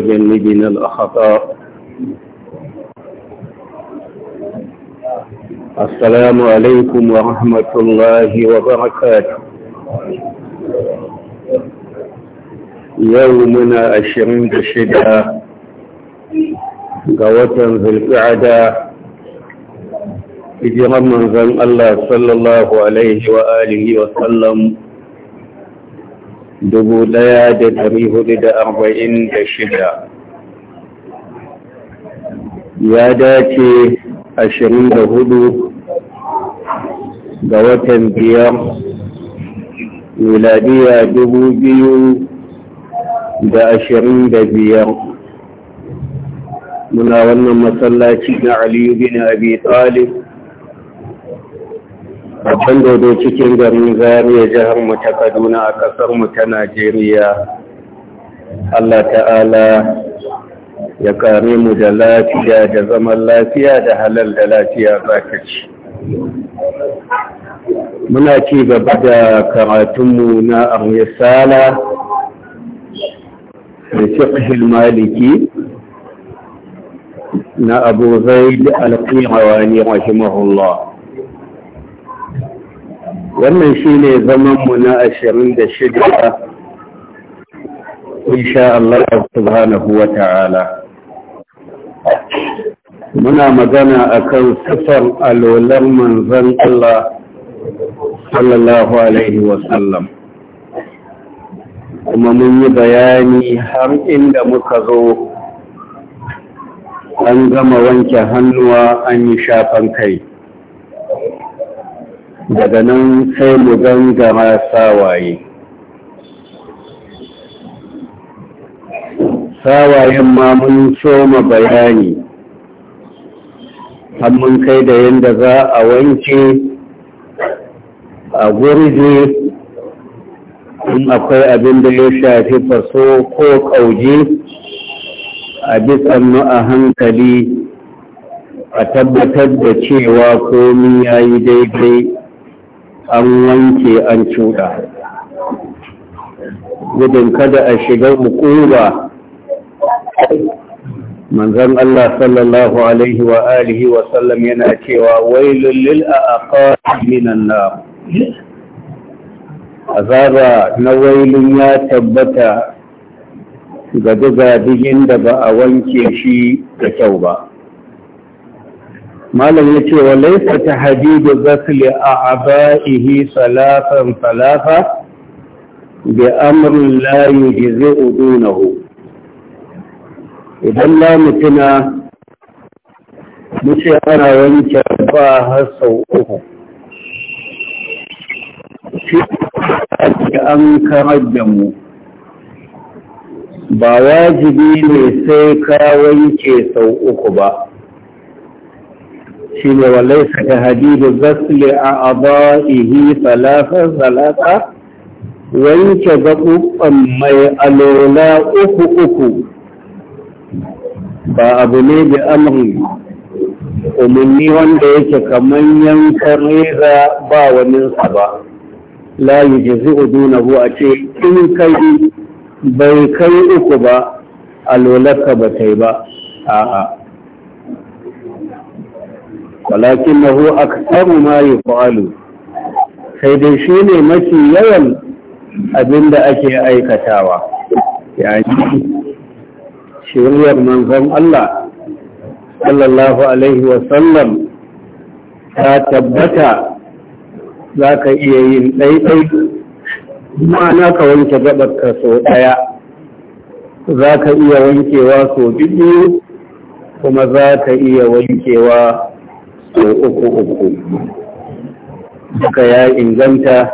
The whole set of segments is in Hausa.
تجنبنا الأخطاء السلام عليكم ورحمة الله وبركاته يومنا عشرين بشدة قوة في القعدة إذ رمضان الله صلى الله عليه وآله وسلم dubu ɗaya da ɗari hudu da arba'in da shida ya dace ashirin da hudu ga watan biyar miladiya dubu biyu da ashirin da biyar muna wannan masallaci na aliyu bin abi talib babban dodo cikin garin zariya jihar mu ta kaduna a kasar mu ta najeriya allah ta'ala ya kare mu da lafiya da zaman lafiya da halal da lafiya za ta ci muna ci gaba da karatunmu na arisala da fiqhil maliki na abu zaid al-qirawani rahimahullah wannan shi ne zamanmu na ashirin da shida insha Allah subhanahu wa ta'ala muna magana akan sifar alolar manzan Allah sallallahu alaihi wasallam kuma mun yi bayani har inda muka zo an gama wanke hannuwa an yi shafan kai daga nan sai mu gangara sawaye sawayen ma mun soma bayani har mun kai da yadda za a wanke a gurje in akwai abin da ya shafi faso ko kauje a bisannu a hankali a tabbatar da cewa komi ya yi daidai an wanke an cuɗa gudun kada a shiga hukuma manzon Allah sallallahu alaihi wa alihi wa sallam yana cewa wailul a aqab minan na azaba na wailun ya tabbata ga duk da ba a wanke shi da kyau ba malam ya ce wa laifar ta hadidu gasli a aba'ihi salafan salafa da zai la na hu idan la mutuna ana wanke ba har sau uku shi an karar da mu ba wajibi ne sai ka wanke sau uku ba shine wallahi ka hadidu zasli a abaihi salasa salasa wanke gaɓuɓɓen mai alola uku uku ba abu ne da amri umarni wanda yake kamar yankan reza ba waninsa ba la yi jizi udunahu a ce in kai bai kai uku ba alolarka ba ta yi ba a'a Walakin a samu ma yi yaf'alu sai dai shi ne mafi yawan abin da ake aikatawa yani shiriyar manzon Allah sallallahu alaihi wa sallam ta tabbata za ka iya yin daidai ma'ana ka wanke gaɗar ka so Za ka iya wankewa sau biyu kuma za ka iya wankewa sau uku uku ya inganta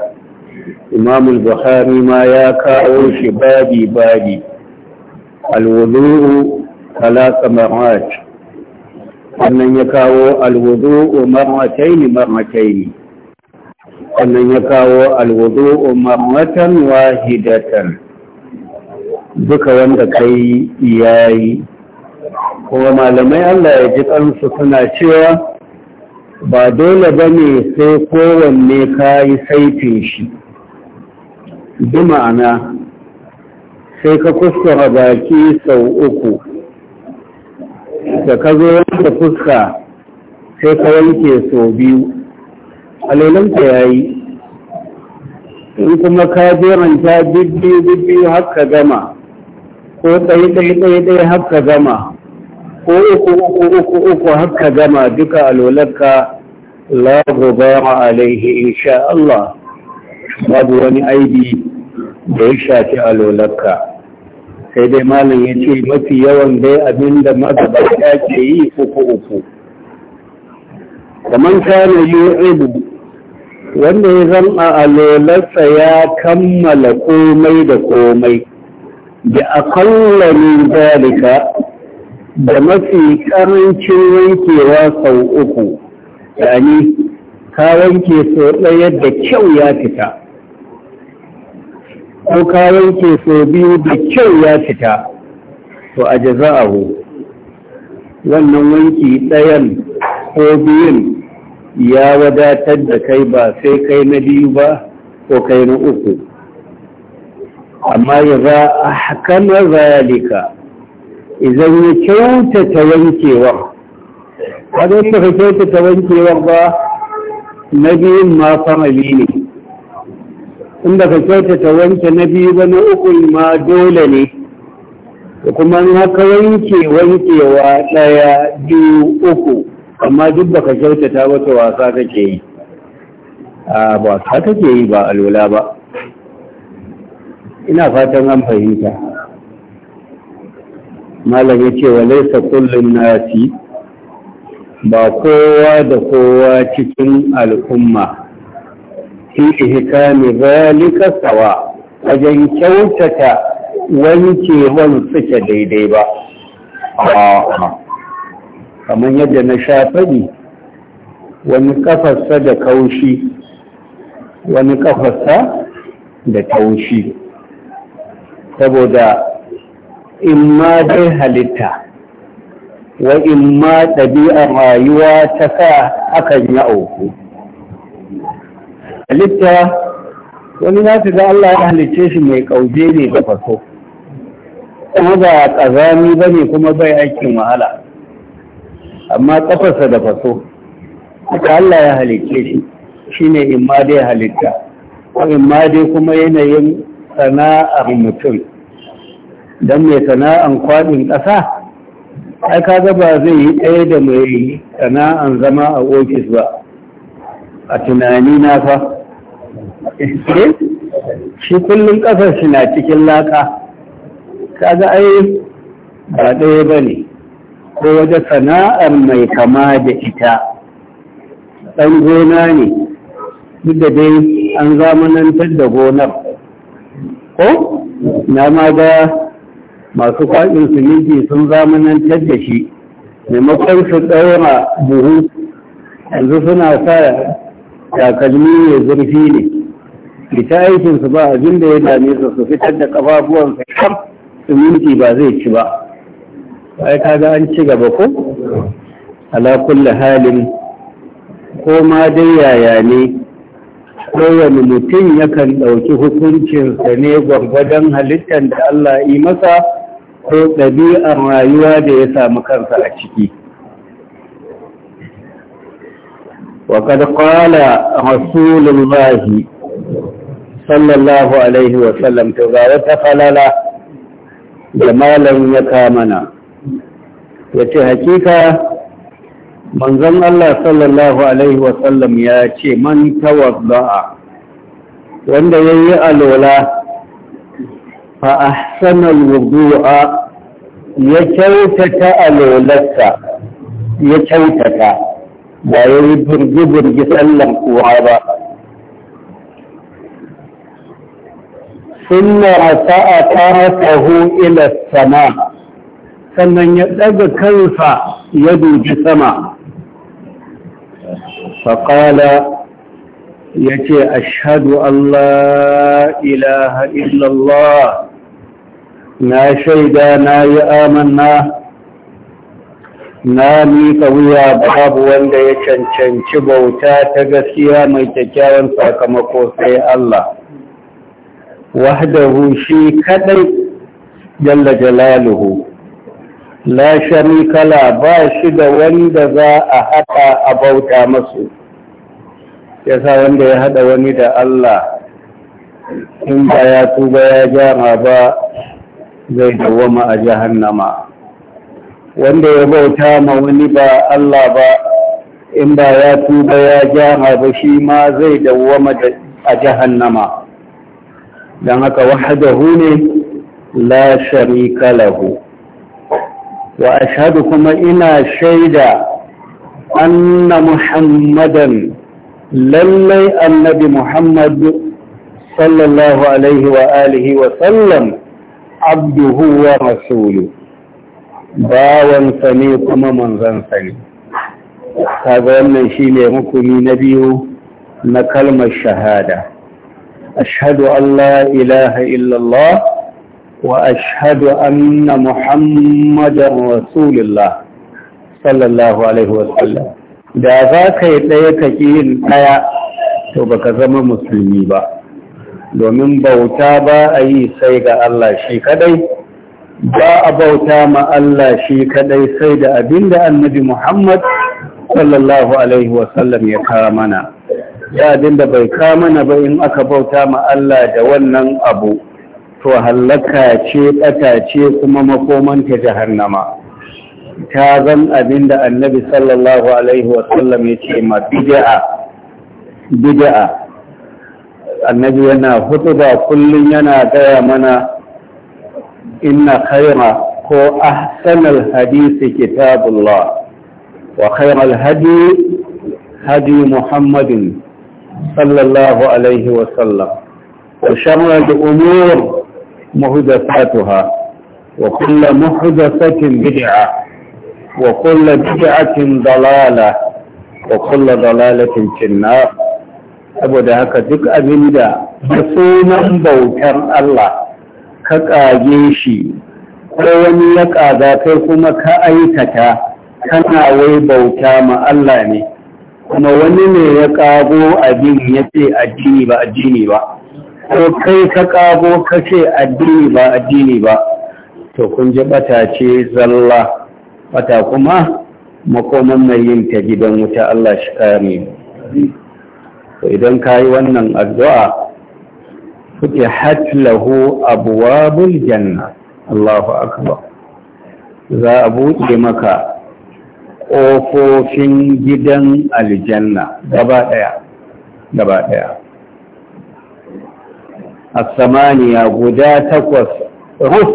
imamul buhari ma ya kawo shi babi babi alwudu'u talaka marat wannan ya kawo alwudu'u marataini marataini wannan ya kawo alwudu'u maratan wahidatan duka wanda kai yayi kuma malamai Allah ya ji kansu suna cewa ba dole ba ne sai kowanne ka yi saifin shi bi ma'ana sai ka kuskura baki sau uku da ka zo yanka fuska sai ka wanke sau biyu ka ya yi in kuma ka jiranta bibbiyu bibbiyu haka gama ko ɗai ɗai haka gama ko uku uku uku uku haka gama duka alolarka la gubara alaihi insha Allah babu wani aibi da ya shafi alolarka sai dai malam ya ce mafi yawan dai abin da magabata ke yi uku uku kamar kana yu'ibu wanda ya zan a alolarsa ya kammala komai da komai da akalla ne zalika da mafi karancin wankewa sau uku yani ka wanke so ɗaya da kyau ya fita ko ka wanke so biyu da kyau ya fita to a jaza'ahu wannan wanki ɗayan ko biyun ya wadatar da kai ba sai kai na biyu ba ko kai na uku amma ya za a hakanar zalika idan ya kyautata wankewa, wadda yake kyautata wankewa ba na biyun ma famali ne inda ka kyautata wanke na biyu ba na uku ma dole ne da kuma ka wanke wankewa ɗaya biyu uku amma duk baka kyautata wata wasa kake yi a ba ka kake yi ba alwala ba ina fatan an fahimta malam ya ce wa laisa kullum nasi ba kowa da kowa cikin al'umma fi ihkami zalika sawa wajen kyautata wankewan suke daidai ba kamar yadda na sha faɗi wani kafarsa da kaushi wani kafarsa da taushi saboda imma dai halitta wa imma ɗabi'ar rayuwa ta sa akan ya auku halitta wani za ga Allah ya halicce shi mai ƙauje ne da faso kuma ba ƙazami ba ne kuma bai aikin wahala amma kafarsa da faso haka Allah ya halicce shi shine imma dai halitta wa imma dai kuma yanayin sana'ar mutum don mai sana'an kwaɗin ƙasa ai kaga ba zai yi ɗaya da mai sana'an zama a ofis ba a tunani na fa shi kullum ƙasar shi na cikin laka kaga ai ba ɗaya ba ne ko wajen sana'ar mai kama da ita ɗan gona ne duk da dai an zamanantar da gonar ko na ma ga masu kwaɗin siminti sun zamanantar da shi maimakon su ɗaura buhu yanzu suna sa takalmi mai zurfi ne fita aikinsu ba abin da ya dame su su fitar da ƙafafuwan kam siminti ba zai ci ba ai kaga an ci gaba ko ala kulli halin ko ma dai yaya ne kowane mutum yakan ɗauki hukuncinsa ne gwargwadon halittar da Allah yi masa ko ɗabi'ar rayuwa da ya samu kansa a ciki وقد قال رسول الله صلى الله عليه وسلم ya kama جمالا يكامنا yace hakika manzon Allah sallallahu alaihi wasallam ya ce man tawadda'a wanda yayi alola فأحسن الوضوء يتوتك ألو لك يتوتك ويبر جبر جسلم وعبا ثم رفع طارته إلى السماء فمن يدد كيف يدو جسما فقال يتي أشهد أن لا إله إلا الله na shaida na yi amanna na miƙa wuya babu wanda ya cancanci bauta ta gaskiya mai kyakkyawan sakamako sai Allah wahdahu shi kadai jalla jalaluhu la sharikala ba shi da wanda za a haɗa a bauta masu yasa wanda ya haɗa wani da Allah in ba ya tuba ya jama ba zai dawwama a jahannama wanda ya bauta ma wani ba Allah ba in ba ya tuba ya jaha ba shi ma zai dawwama a jahannama don haka wahadahu ne la sharika lahu wa ashhadu kuma ina shaida anna muhammadan lallai annabi muhammad sallallahu alaihi wa alihi wa sallam abduhu wa rasulu bawansa ne kuma manzansa ne kaga wannan shine rukuni na biyu na kalmar shahada ashhadu an ilaha illallah wa ashhadu anna muhammadan rasulullah sallallahu alaihi wasallam da za ka yi ɗaya ka ƙi yin ɗaya to baka zama musulmi ba domin bauta ba a yi sai ga Allah shi kadai ba a bauta ma Allah shi kadai sai da abinda annabi Muhammad sallallahu alaihi wasallam ya kawo mana da abinda bai kawo mana ba in aka bauta ma Allah da wannan abu to hallaka ce ɓata ce kuma makomanta jahannama ta zan abinda annabi sallallahu alaihi wasallam ya ce ma bid'a bid'a annabi yana hutuba kullum yana gaya mana inna khaira ko ahsanal hadisi kitabullah wa khairal hadi hadi muhammadin sallallahu alaihi wa sallam wa sharral umur muhdathatuha wa kullu muhdathatin bid'ah وكل بدعة ضلالة وكل ضلالة في النار saboda haka duk abin da sunan bautar Allah ka kage shi ko wani ya kaga kai kuma ka aikata kana wai bauta ma Allah ne kuma wani ne ya kago abin ya ce addini ba addini ba ko kai ka kago ka ce addini ba addini ba to kun ji bata ce zalla bata kuma makoman mai yin ta gidan wuta Allah shi kare mu to idan ka yi wannan addu'a futihat lahu abwabul janna Allahu akbar za a buɗe maka ƙofofin gidan aljanna gaba ɗaya gaba ɗaya الثمانية guda takwas رف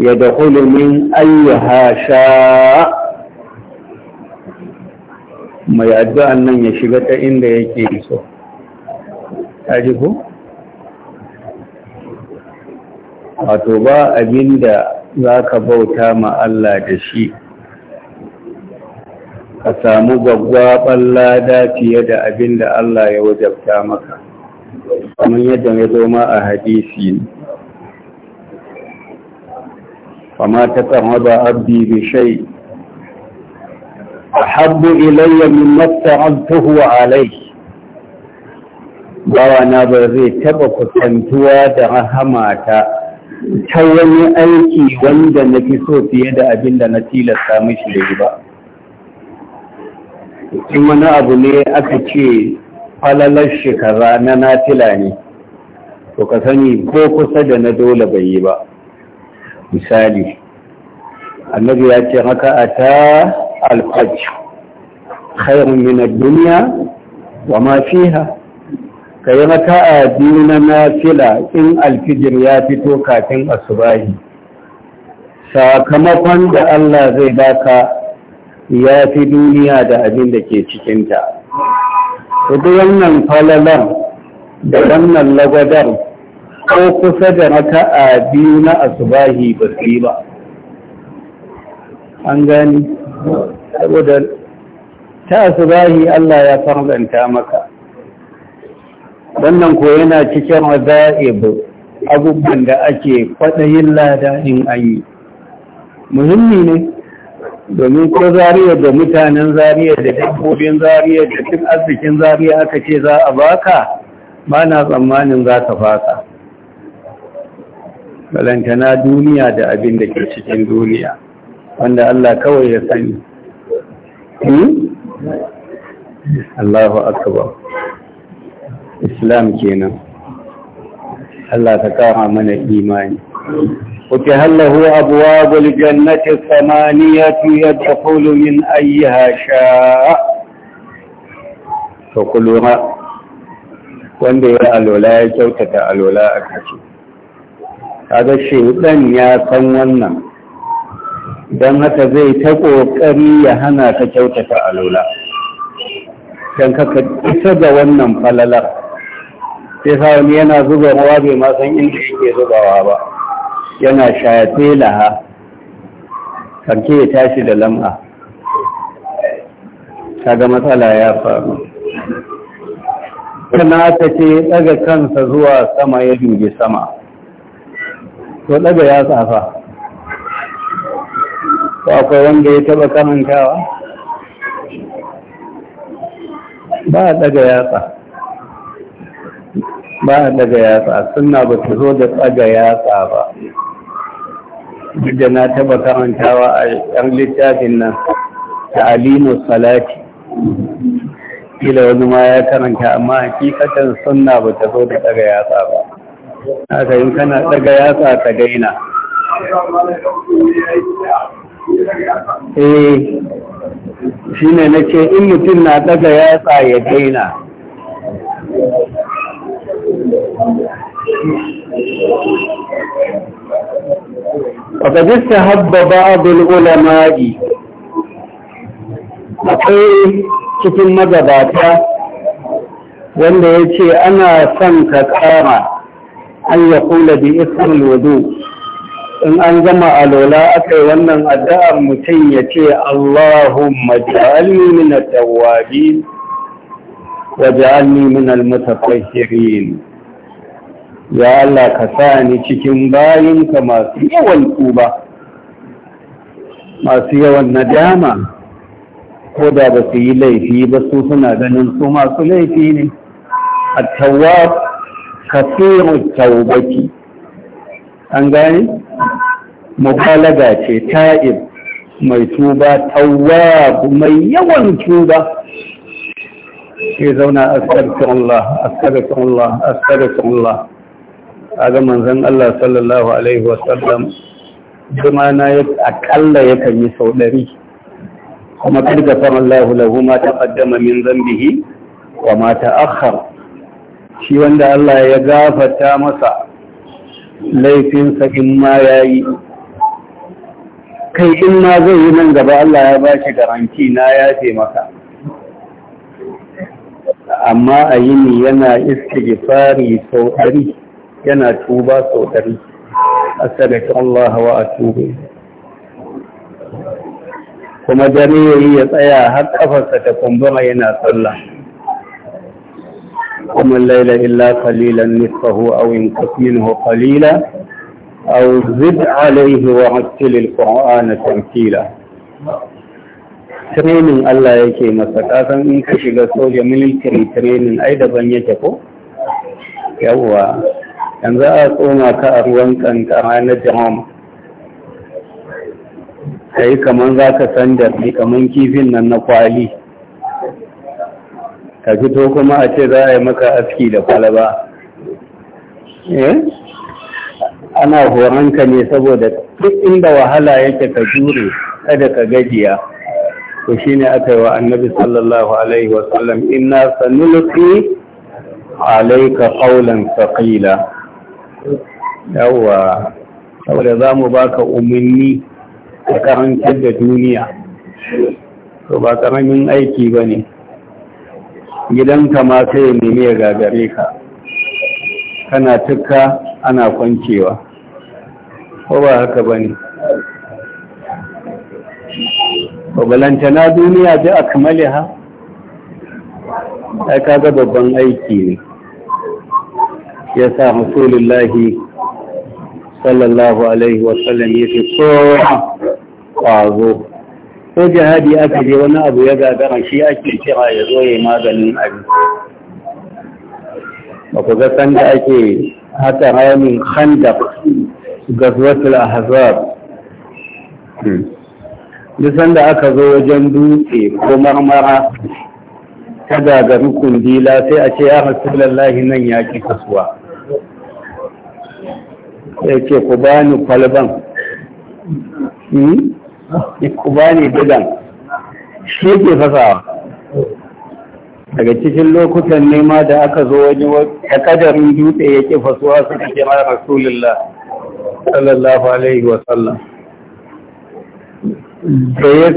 يدخل min ayyaha sha'a mai addu'an nan ya shiga ta inda yake so ta ji ku? wato ba abin da za ka bauta ma Allah da shi ka samu gwaggwaɓar lada fiye da abin da Allah ya wajabta maka kamar yadda ya zo ma a hadisi ne fama ta kan ba abdi bishai أحب إلي مما افترضته عليه bawana ba zai taɓa kusantuwa da rahamata ta ta wani aiki wanda na fi so fiye da abin da na tilasta mishi da yi ba in wani abu ne aka ce falalar shekara na natila ne to ka sani ko kusa da na dole bai yi ba misali annabi ya ce haka a alfaj khairun min ad-dunya wa ma kai raka'a biyu na nafila in alfijir ya fito kafin asubahi sakamakon da Allah zai baka ya fi duniya da abin da ke cikinta duk wannan falalar da wannan lagwadar ko kusa da raka'a biyu na asubahi ba su yi ba an gani saboda ta zahi Allah ya farzanta maka wannan ko yana cikin wazaib abubuwan da ake kwaɗayin lada in an muhimmi ne domin ko zariya da mutanen zariya da dabbobin zariya da duk arzikin zariya aka ce za a baka ba na tsammanin za ka faka balantana duniya da abin da ke cikin duniya wanda Allah kawai ya sani Hmm? Allah wa Islam ke Allah ta kama mana imani. Kuke hallahu abuwa gulgen na ke tsamani ya tuya da kulumin ayi hasha, ka kuluma, wanda ya alola ya kyautata alola a kashi. A gashi ɗan ya san wannan, don haka zai ta ƙoƙari ya hana ka kyautata a lula. don kaka isa da wannan falalar sai sa wani yana zuba ruwa bai masan inda yake zubawa ba yana shafe laha karke ya tashi da lam'a kaga matsala ya faru kana ta ce daga kansa zuwa sama ya dubi sama to daga ya tsafa ko akwai wanda ya taba kamantawa ba a daga yatsa ba a daga yatsa suna ba su zo da tsaga yatsa ba duk da na taba karantawa a yan littafin nan ta'alimu salati kila wani ma ya karanta amma hakikatan sunna ba ta zo da daga yatsa ba haka yin kana daga yatsa ka daina eh shine na ce in mutum na daga yatsa ya daina وقد abin بعض a akwai cikin magabata wanda ya ce ana son ka kama an yi kula da isar lodo in an gama alola aka yi wannan addu'ar mutum ya ce Allahumma ja'alni min at-tawwabin wa ja'alni min al-mutatahhirin ya Allah ka sa ni cikin bayinka masu yawan tuba masu yawan nadama ko da ba su yi laifi ba su suna ganin su masu laifi ne at-tawwab kathiru tawbati an gane mubalaga ce ta'ib mai tuba tawwab mai yawan tuba sai zauna astaghfirullah astaghfirullah astaghfirullah aga manzon Allah sallallahu alaihi wasallam kuma na ya akalla yakan yi sau ɗari kuma karga faran lahu lahu ma taqaddama min zambihi wa ma akhar. shi wanda Allah ya gafata masa laifinsa in ma ya yi kai in ma zai yi nan gaba Allah ya ba shi garanti na ya maka. amma a yini yana fari sau ɗari yana tuba sau ɗari sadaka Allah wa a tube kuma dare ya yi ya tsaya har kafarsa ta kumbura yana sallah وما الليل إلا قليلا نصفه أو انقص منه قليلا أو زد عليه وعتل القرآن تمثيلا training Allah yake masa kasan in ka shiga soja military training ai daban yake ko yawwa yanzu a tsoma ka a ruwan kankara na jiham kai kaman za ka san da kaman kifin nan na kwali ka fito kuma a ce za a yi maka aski da kwalaba eh? ana horonka ne saboda duk inda wahala yake ka jure kada ka gajiya ko shine aka yi wa annabi sallallahu alaihi wasallam inna sanulqi alayka qawlan thaqila yawa saboda zamu baka umarni ka karantar da duniya to ba karamin aiki bane gidanka ma sai ya nemi ya gagare ka kana tukka ana kwancewa ko ba haka ba ne na duniya da akamali ha ai kaga babban aiki ne ya sa rasulullahi sallallahu alaihi wasallam yake kowa ƙwazo ko jihadi aka je wani abu ya gagara shi ake kira ya zo ya maganin abin ba ku san da ake haka ramin khandaq gazwatul ahzab hmm. duk sanda aka zo wajen dutse ko marmara ta gagari kundila sai a ce ya rasulallahi nan ya ki kasuwa ya ce ku bani kwalban hmm? ku ba shi ke fasawa daga cikin lokutan nema da aka zo wani kadarin dutse ya ke fasuwa suka ke mara rasulullah sallallahu alaihi wasallam da ya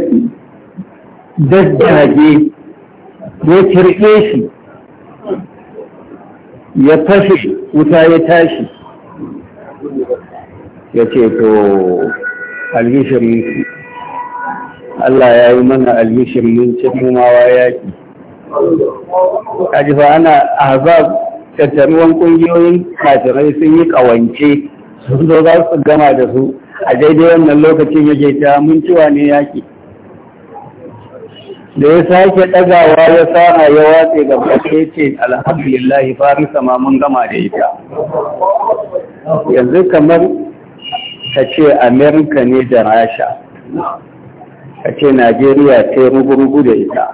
daddage ya kirke shi ya tashi wuta ya tashi ya ce to alhishirinsu Allah ya yi mana albishir mun ci kumawa yaƙi kaji fa ana ahzab tattaruwan ƙungiyoyin kafirai sun yi ƙawance sun zo za su gama da su a daidai wannan lokacin yake ta mun ciwa ne yaƙi da ya sake ɗagawa ya sama ya watse ga fashe ce alhamdulillah farisa sama mun gama da ita yanzu kamar ka ce ne da rasha a ce najeriya ce rugu da ita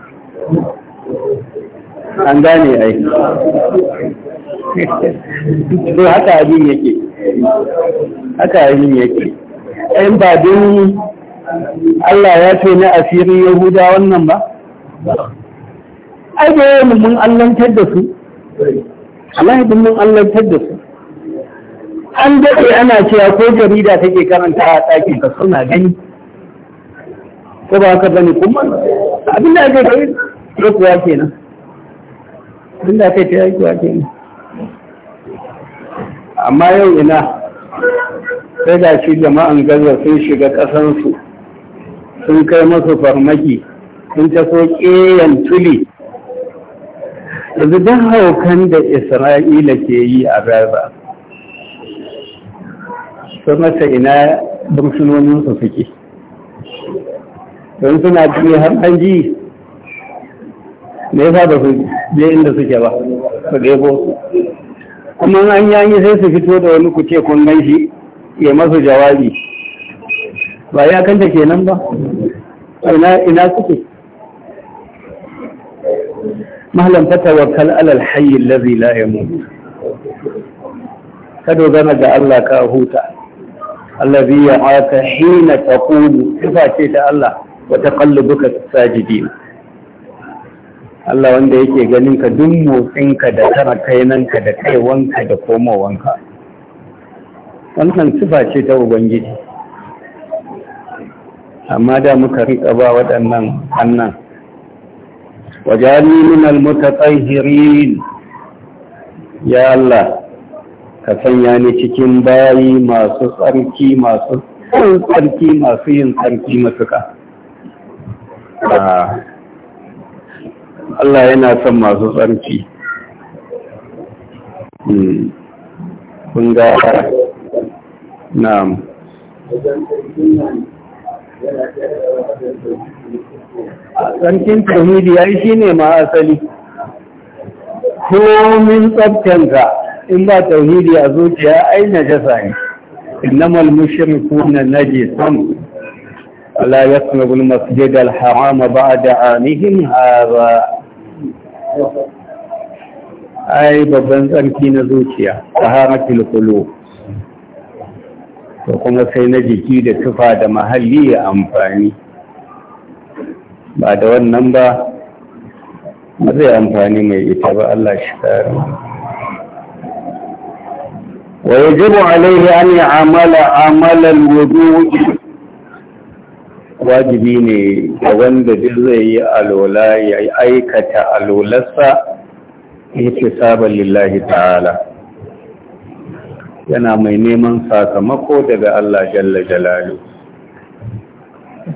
an gane ai to haka abin yake haka abin yake ɗan ba don Allah ya ce na asirin yahuda wannan ba ai bai yi mun allantar da su Allah ya mun allantar da su an daɗe ana cewa ko jarida take karanta a ɗakin ka suna gani ko ba haka bane kuma abin da aka yi ko kuwa kenan abin da aka yi kuwa kenan amma yau ina sai da shi jama'an gaza sun shiga ƙasansu sun kai masu farmaki sun so ƙeyan tuli yanzu don haukan da isra'ila ke yi a gaza sun mata ina bursunoninsu suke don suna biyu har an ji me yasa ba su je inda suke ba su ɗebo kuma an yanyi sai su fito da wani kuce kun gan shi ya masu jawabi ba ya kanta kenan ba ina ina suke mahalam fatawakkal alal hayyin allazi la yamut ka dogara ga Allah ka huta Allah allazi ya'aka hina taqumu kuma. ce ta Allah wa taqallubuka sajidin Allah wanda yake ganin ka duk motsinka da tara kainanka da kai wanka da komowanka wannan sifa ce ta ubangiji amma da muka rika ba waɗannan annan wajani min almutatahhirin ya Allah ka sanya ni cikin bayi masu tsarki masu tsarki masu yin tsarki matuƙa Ah. Allah yana son masu tsarki hmm. kun na tsarkin tauhidi ya yi shi ne ma asali komin tsabtanka in ba tauhidi a zuciya ainihin jasa ne innamal mushrikuna najisun ولا يقربوا المسجد الحرام بعد عامهم هذا ai babban tsarki na zuciya taharatul qulub to kuma sai na jiki da tufa da mahalli ya amfani ba da wannan ba ba zai amfani mai ita ba Allah shi kare wa yajibu alaihi an ya'amala amalan wudu'i wajibi ne ga wanda duk zai yi alola ya aikata alolarsa ihtisaban lillahi ta'ala yana mai neman sakamako daga Allah jalla jalalu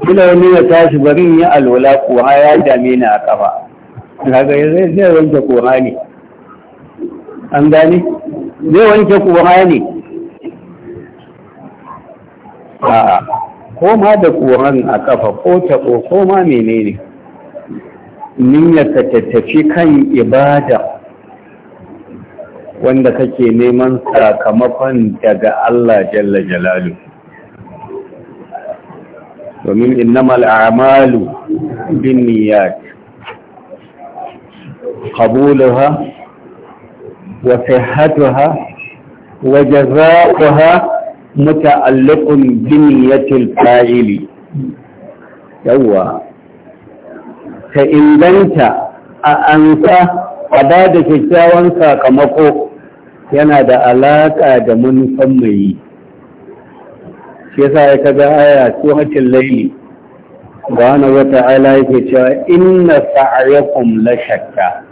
kila wani ya tashi bari yi alola kuwa ya dame ni a kafa kaga zai zai wanke kuwa ne an gani zai wanke kuwa ne a'a ko ma da ƙoran a ƙafa ko taɓo ko ma menene niyyar ka tattafi kan ibada wanda kake neman sakamakon daga Allah jalla jalalu domin innamal a'malu bin niyyat qabulaha wa sihhatuha wa jazaa'uha muta'alliqun bi niyyatil fa'ili yawa ta inganta a ansa a ba da kyakkyawan sakamako yana da alaƙa da manufan mai yi shi yasa ya kaga aya tuhacin laili subhana wa ta'ala yake cewa inna sa'yakum la shakka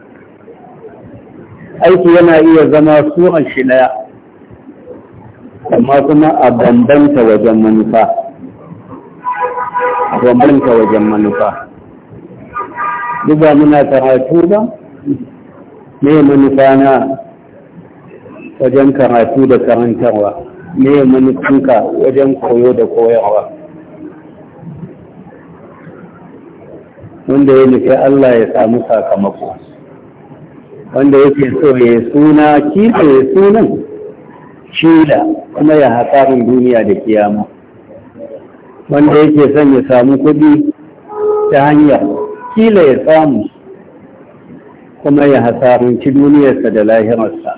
aiki yana iya zama su'an shi daya amma kuma a bambanta wajen manufa a bambanta wajen manufa duba ba muna karatu ba me manufa na wajen karatu da karantarwa me manufanka wajen koyo da koyarwa wanda ya nufi Allah ya samu sakamako wanda yake so ya suna kifin ya sunan shila kuma ya hasarin duniya da kiyama wanda yake son ya samu kuɗi ta hanya kila ya samu kuma ya ci duniyarsa da lahirarsa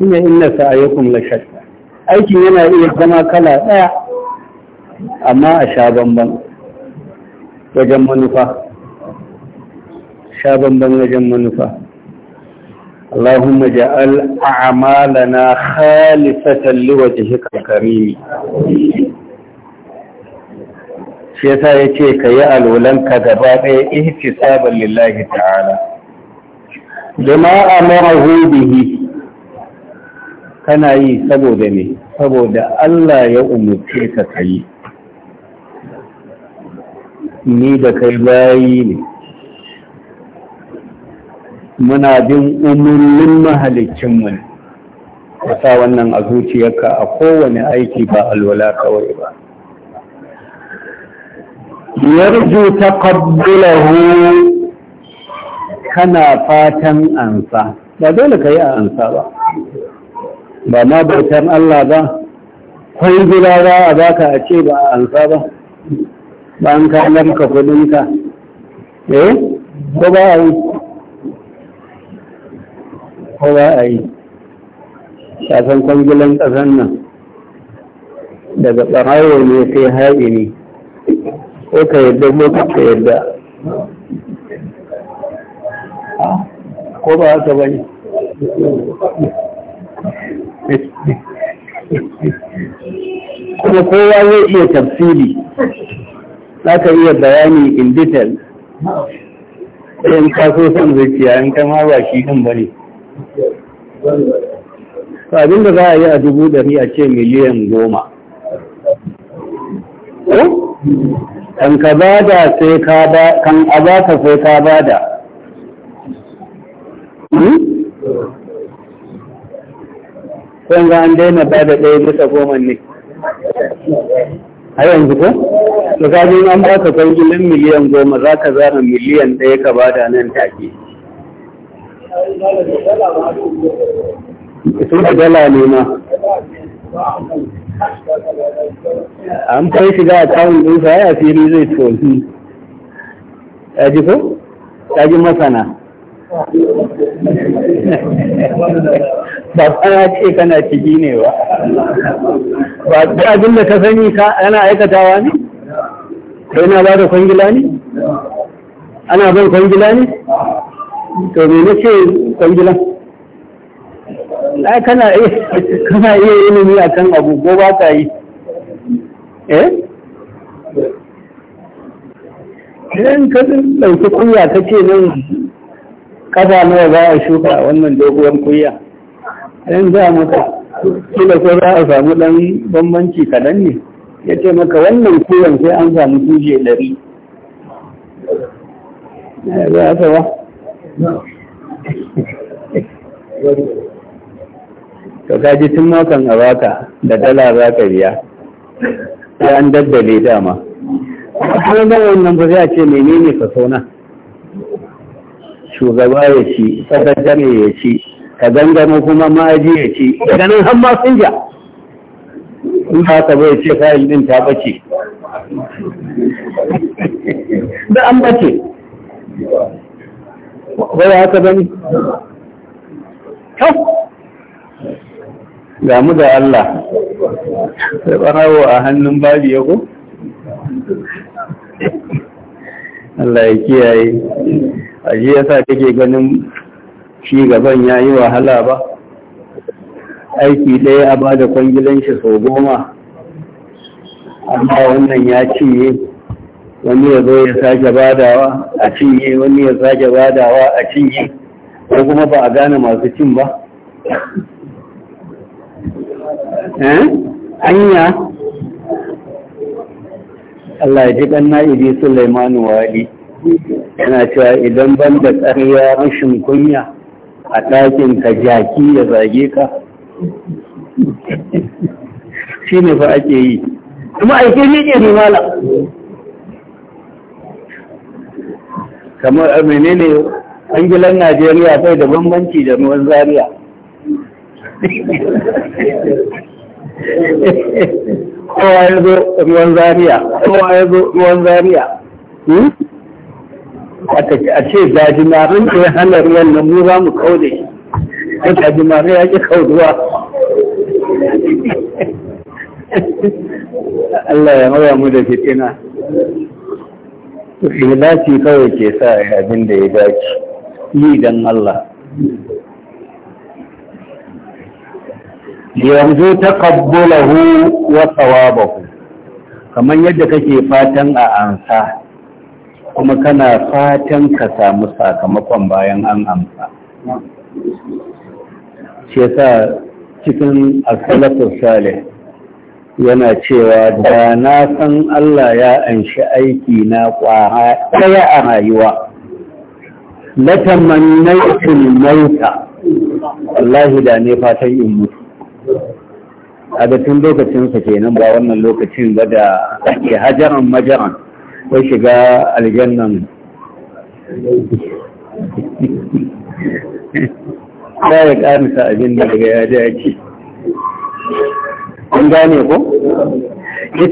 ina inna a la shatta aikin yana iya zama kala ɗaya amma a sha bambam wajen manufa sha wajen manufa اللهم اجعل أعمالنا خالصة لوجهك الكريم shi yasa ya ce ka yi alwalanka gaba ɗaya sabon lillahi ta'ala jama'a mara bihi kana yi saboda ne saboda Allah ya umarce ka ka ni da kai bayi ne muna bin umarnin mahalicin mu ka sa wannan a zuciyarka a kowane aiki ba alwala kawai ba yarju taqabbalahu kana fatan ansa ba dole ka yi a ansa ba ba ma bautan Allah ba kai gida ba a baka a ce ba a ansa ba ba an ka lamka ka eh ko ba a yi ko a yi san kwangilan ƙasan nan daga ɓarawo ne sai haɗi ne ko ka yadda ko ka yadda ko ba haka ba ne kuma kowa zai iya tafsiri za ka iya bayani in detail in kaso son zuciya in kama ba shi ɗin ba ne to abinda za a yi a dubu ɗari a ce miliyan goma kan ka bada sai ka ba kan ka sai ka bada hmm? kan ga an daina bada ɗaya bisa goma ne a yanzu ko? to kaji an ba baka kwangilin miliyan goma za ka zara miliyan ɗaya ka bada nan take sun da dala ne ma an fai shiga a kawun sa, ya fili zai toli ya ji ko? ya ji masana ba kana ce kana ciki ne ba ba duk abin da ka sani ka ana aikatawa ne kai na ba da kwangila ne ana ban kwangila ne to me ne ce kwangila kana iya kana iya ilimi akan abu ko ba ka yi eh idan ka ɗauki kuya ta ce nan ƙasa nawa za a shuka a wannan doguwar kuya idan za maka kila ko za a samu ɗan bambanci kaɗan ne ya ce maka wannan kuyan sai an samu tuje ɗari za a sawa to kaji tun makon a baka da dala za ka biya sai an daddale dama kuma ba wannan ba zai ce menene ka sauna shugaba ya ci sakatare ya ci ka gangano kuma ma'aji ya ci ganin nan har ja in ba ka bai ce kayan din ta bace da an bace ba haka ba ne ga mu da Allah sai ɓarawo a hannun babi ya Allah ya kiyaye a yasa kake ganin shi gaban ya yi wahala ba aiki ɗaya a ba da kwangilan shi sau goma amma wannan ya ciye wani ya zo ya sake badawa a cinye wani ya sake badawa a cinye ko kuma ba a gane masu cin ba eh? anya Allah ya ji ɗanna iri Sulaimanu wali yana cewa idan ban da ƙarya rashin kunya a ɗakin ka jaki ya zage ka shi ne fa ake yi kuma aike ne ne malam kamar a eh, menene angilan najeriya sai da bambanci da ruwan Zariya. kowa ya zo ruwan Zariya? kowa ya zo ruwan Zariya? Hmm? a ce gajimarin da ya hana ruwan nan mu za mu kau da shi gajimarin ya ƙi kauduwa Allah ya mawaya mu da fitina to kawai ke sa abin da ya dace yi don Allah yanzu taqabbalahu wa thawabahu kamar yadda kake fatan a ansa kuma kana fatan ka samu sakamakon bayan an amsa ce sa cikin as yana cewa da na san Allah ya anshi aiki na kwaha a rayuwa na tamannaitin mauta Allah da ne fatan in mutu a tun lokacinsa kenan ba wannan lokacin ba da ake hajaran majaran ko shiga aljannan ba ya ƙarisa abin da daga ya dace. an gane ko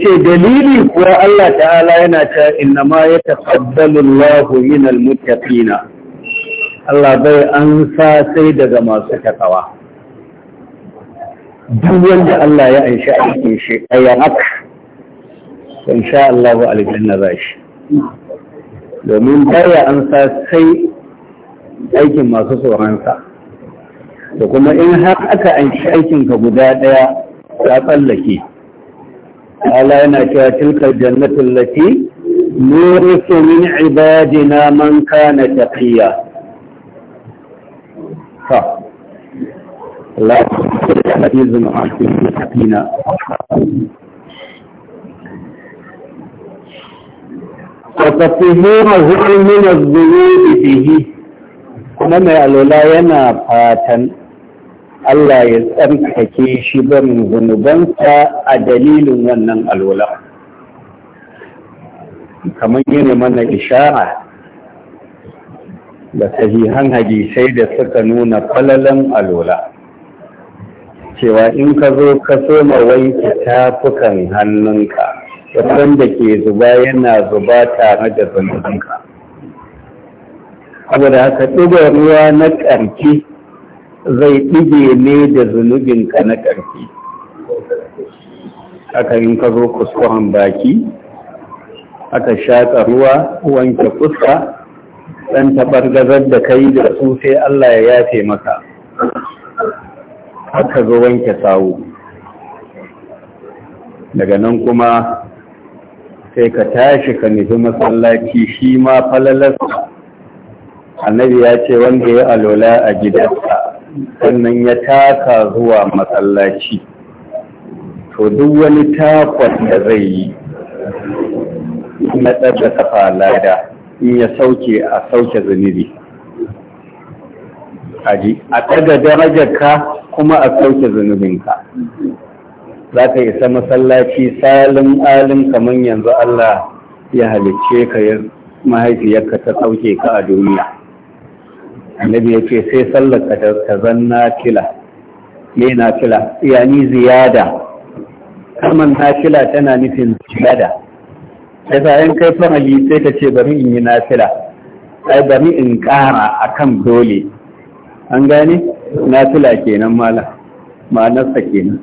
ce dalili kuwa Allah ta'ala yana ta inna ma yataqabbalu Allahu minal muttaqina Allah bai an sa sai daga masu takawa duk wanda Allah ya aisha aikin shi a ayyan haka sha Allah wa aljanna za shi domin baya an sa sai aikin masu tsoronsa da kuma in haka aka an shi aikinka guda ɗaya ta tsallake ala yana cewa tilka jannatul lati nurisu min ibadina man kana taqiya ta la hadizun akhir sakina وتطهيره من الذنوب به kuma mai alola yana fatan Allah ya tsarkake shi ban zunubansa a dalilin wannan alwala kamar yana mana ishara da sahihan hadisai da suka nuna falalan alwala cewa in ka zo ka soma wanke tafukan hannunka wannan da ke zuba yana zuba tare da Abu da haka ɗiga ruwa na ƙarfi zai ɗige ne da zunubin ka na ƙarfi aka yin ka zo kuskuren baki aka shaƙa ruwa wanke fuska ɗan taɓar gazar da kai da su sai Allah ya yafe maka aka zo wanke sawu daga nan kuma sai ka tashi ka nufi masallaci shi ma falalarsa annabi ya ce wanda ya alola a gidansa sannan ya taka zuwa masallaci to duk wani takwas da zai yi na da kafa lada in ya sauke a sauke zunubi aji a ɗaga darajarka kuma a sauke zunubinka za ka isa masallaci salin alin kamar yanzu Allah ya halicce ka mahaifiyarka ta sauke ka a duniya annabi ya ce sai sallar ka zanna kila me na kila yani ziyada na nafila tana nufin ziyada yasa in kai farali sai ta ce bari in yi nafila ai bari in ƙara akan dole an gane nafila kenan mala ma'anarsa kenan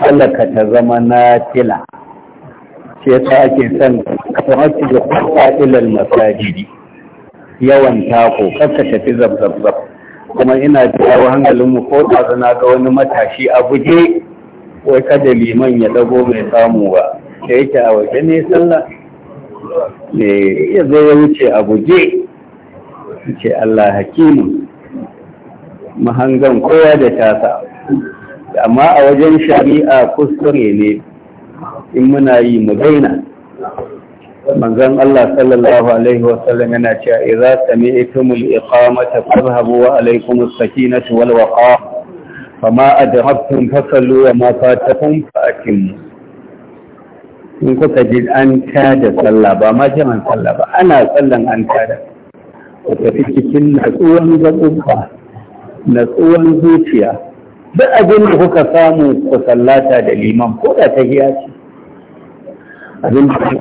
sallar ka ta zama nafila ce ta ake son ka fahimci da kwata ilal masajidi yawan tako kakka tafi zabzabzab kuma ina jawo hankalinmu ko tazu na ga wani matashi a guje wai kada liman ya dago mai samu ba da yake a waje ne sallah ne ya zo ya wuce a guje ce Allah hakimu mahangan koya da tasa amma a wajen shari'a kuskure ne in muna yi mu daina manzon Allah sallallahu alaihi wasallam yana cewa idza sami'tumul iqamata farhabu wa alaikumus sakinatu wal waqar fama adrabtum fasallu wa ma fatakum fa'atim in kuka ji an tada sallah ba ma jiran sallah ba ana sallan an tada ku tafi cikin natsuwan gaɓuɓɓa natsuwan zuciya duk abin da kuka samu ku sallata da liman ko da ta giya ce abin da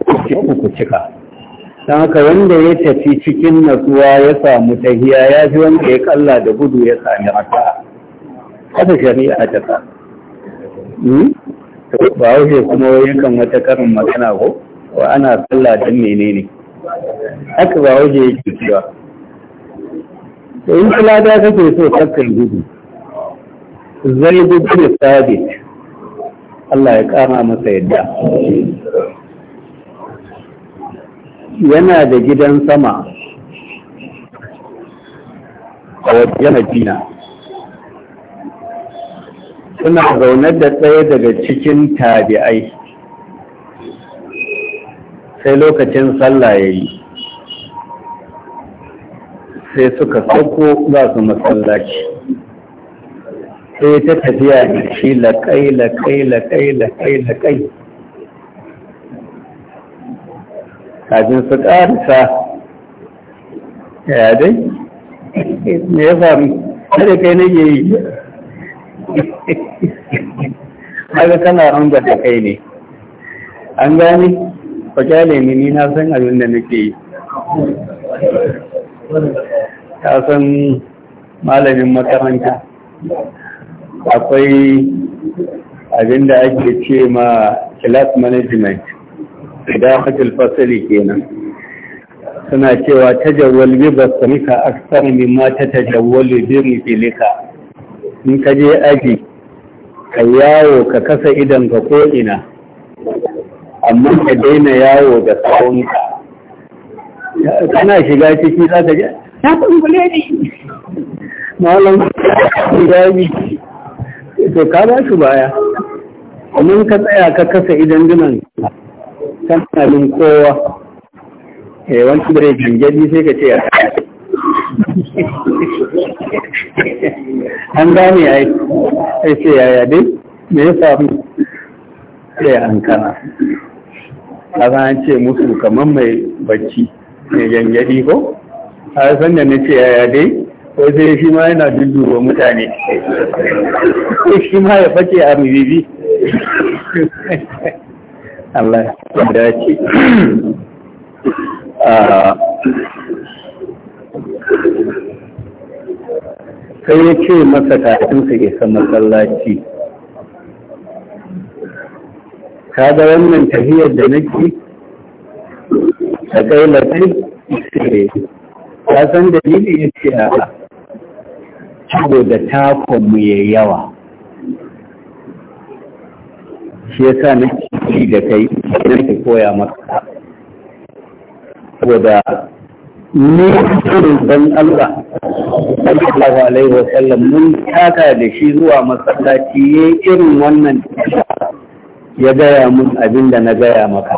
ku cika don haka wanda ya tafi cikin natsuwa ya samu tahiya ya fi wanda ya kalla da gudu ya sami haka haka shari'a ta sa hmm? ba wuce kuma kan wata karin magana ko wa ana kalla don menene haka ba wuce ke cewa da in kula da kake so kakkan gudu zai gudu da sabit Allah ya kama masa yadda yana da gidan sama a wajen Madina suna zaune da tsaye daga cikin tabi'ai sai lokacin sallah ya yi sai suka sauko za su masallaci sai ta tafiya da shi laƙai laƙai laƙai laƙai laƙai kafin su ƙarisa ya dai me ya faru kada kai na yi haka kana ranga da kai ne an gani. ba kyale ni ni na san abin da nake yi ta san malamin makaranta akwai abin da ake ce ma class management idafatul fasali kenan suna cewa tajawwal bi basamika aksar mimma tatajawwalu bi mifilika in ka je aji ka yawo ka kasa idan ka ko ina amma ka daina yawo da sawunka kana shiga ciki za ka je na kumbule ne malam gami to ka ba shi baya amma ka tsaya ka kasa idan ginan kanalin kowa eh wani da gangabi sai ka ce ya an gane ai sai ce yaya dai me ya samu sai an kana kaza an ce musu kamar mai bacci mai gangadi ko a san da na ce yaya dai ko sai shi ma yana dudduba mutane shi ma ya fake a rubibi Allah ya dace ah. sai ya ce masa kafin su isa masallaci ka ga wannan tafiyar da nake ta kai lafi isire ka san dalili ya ce a da takon mu ya yawa shi yasa na da kai na ke koya maka saboda ni irin dan Allah sallallahu alaihi wa sallam mun taka da shi zuwa masallaci yayin irin wannan ya gaya mun abin da na gaya maka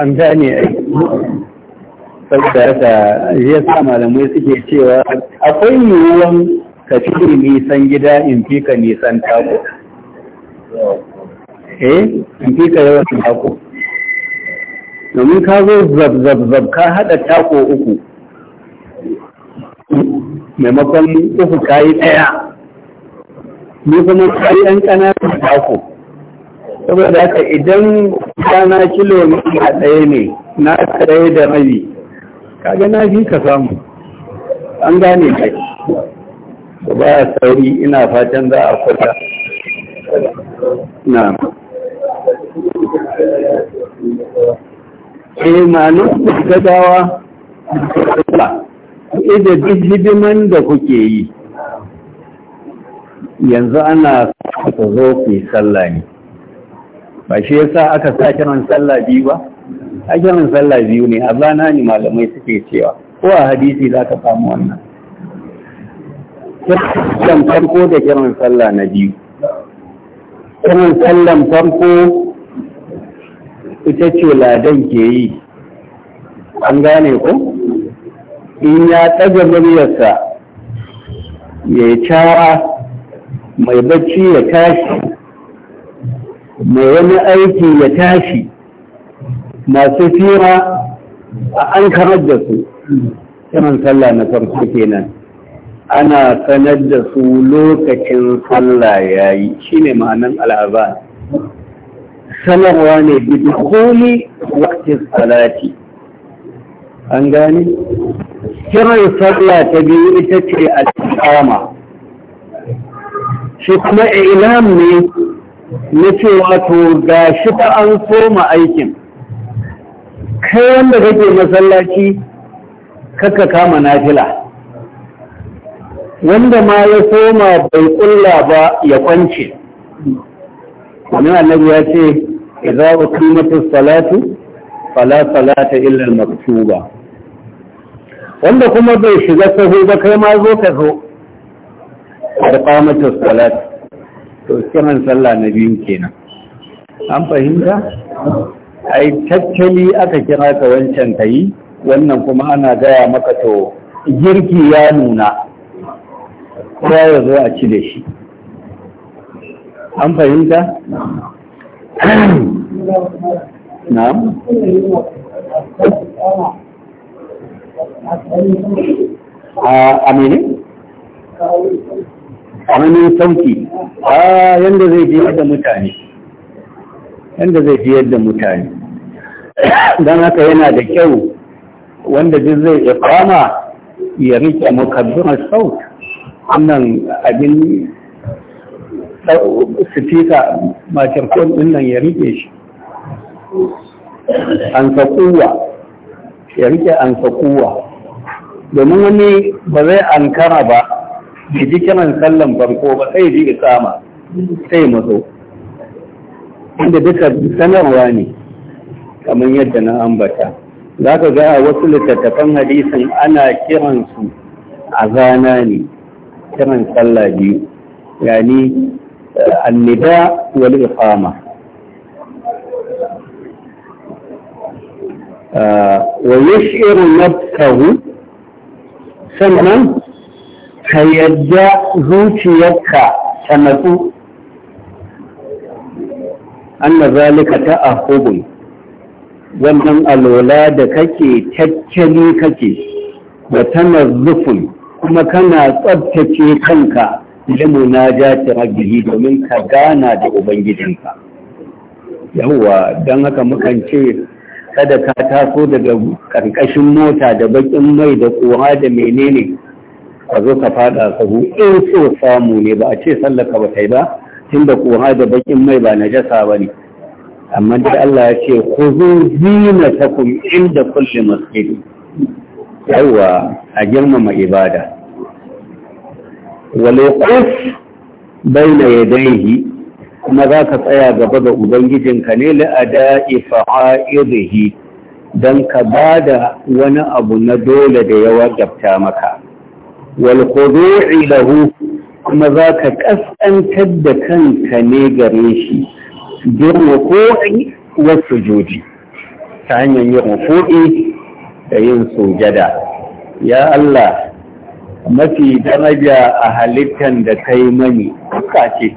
an gane ai saboda haka ya sa malamai suke cewa akwai yiwuwan ka ci nisan gida in fi ka nisan tabo eh in fi ka yawan tako domin ka zo zab ka haɗa tako uku maimakon uku ka yi ɗaya ni kuma ka yi ɗan ƙananan tako saboda haka idan kana kilomita ɗaya ne na tsaye da mai kaga na fi ka samu an gane kai ba sauri ina fatan za a kwata na'am eh, duk hidiman da kuke yi yanzu ana ta zo ku yi ne ba shi yasa aka sa kiran sallah biyu ba a kiran sallah biyu ne a zana ne malamai suke cewa ko a hadisi za ka samu wannan kiran farko da kiran sallah na biyu irin sallan farko ita ce ladan ke yi an gane ku. in ya tsaga muryarsa ya yi cawa mai bacci ya tashi mai wani aiki ya tashi masu fira a an karar da su irin sallah na farko kenan ana sanar da su lokacin sallah ya yi shi ne ma'anan al'aba sanarwa ne komi waktin salati an gani kiran sallah ta biyu ita ce a tsama shi kuma ilam ne na cewa to ga shi ta an soma aikin kai wanda kake masallaci kaka kama nafila wanda ma ya koma bai kulla ba ya kwance wani annabi ya ce idza uqimatus salatu fala salata illa al-maktuba wanda kuma bai shiga sahu ba kai ma zo ka zo da salat to kiran sallah na biyu kenan an fahimta ai tattali aka kira ka wancan kai wannan kuma ana gaya maka to girki ya nuna kowa ya zo a ci da shi an fahimta? na? a amini? a sauki a yadda zai je yadda mutane yadda zai je yadda mutane don haka yana da kyau wanda duk zai ya kama ya rike makabbin sauki wannan abin sifika matarkon din nan ya rike shi an sakuwa ya rike an sakuwa domin wani ba zai ankara ba bai ji kiran sallan farko ba sai ji ikama sai mazo inda duka sanarwa ne kamar yadda na ambata za ka ga a wasu littattafan hadisin ana kiransu a zana ne kiran sallah biyu yani eh, annida wal iqama eh, wa yash'iru nafsahu sannan ka yarda zuciyarka ta natsu anna zalika ta'ahubun wannan alola da kake tattali kake da tanazzufun kuma kana tsabtace kanka na jati rabbihi domin ka gana da ubangijinka yawwa don haka mukan ce kada ka taso daga karkashin mota da baƙin mai da kura da menene ka zo ka fada sahu in so samu ne ba a ce sallaka ba kai ba tun da kura da bakin mai ba na jasa ba ne amma da Allah ya ce ku zo zina takum inda kulli masjid yawwa a girmama ibada walaƙuf bai na yadaihi kuma za ka tsaya gaba ga ubangijinka ne la'ada ifa'a'izihi don ka ba da wani abu na dole da ya gabta maka walƙudu'i lahu kuma za ka ƙasƙantar da kanka ne gare shi bin ruku'i wasu joji ta hanyar yin ruku'i da yin sojada. ya Allah mafi daraja a halittan da kai mani duka ce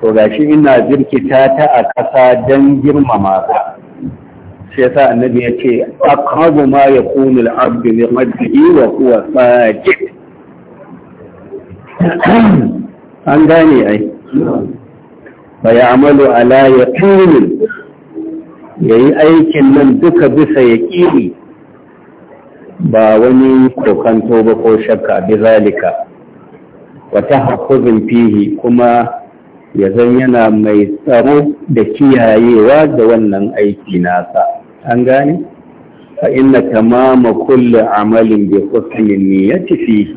to shi ina jirkita ta a ƙasa don girmama ka shi yasa annabi ya ce aqrabu ma ya kuni al'abdu ne rabbihi wa kuwa tsaki. an gane ai ya amalu ala ya Ya yi aikin nan duka bisa ya kiri ba wani kokanto ba ko shakka bi zalika wata hakuzin fihi kuma ya zan yana mai tsaro da kiyayewa da wannan aiki nasa an gane fa inna tamama kulli amalin bi husnin niyyati fihi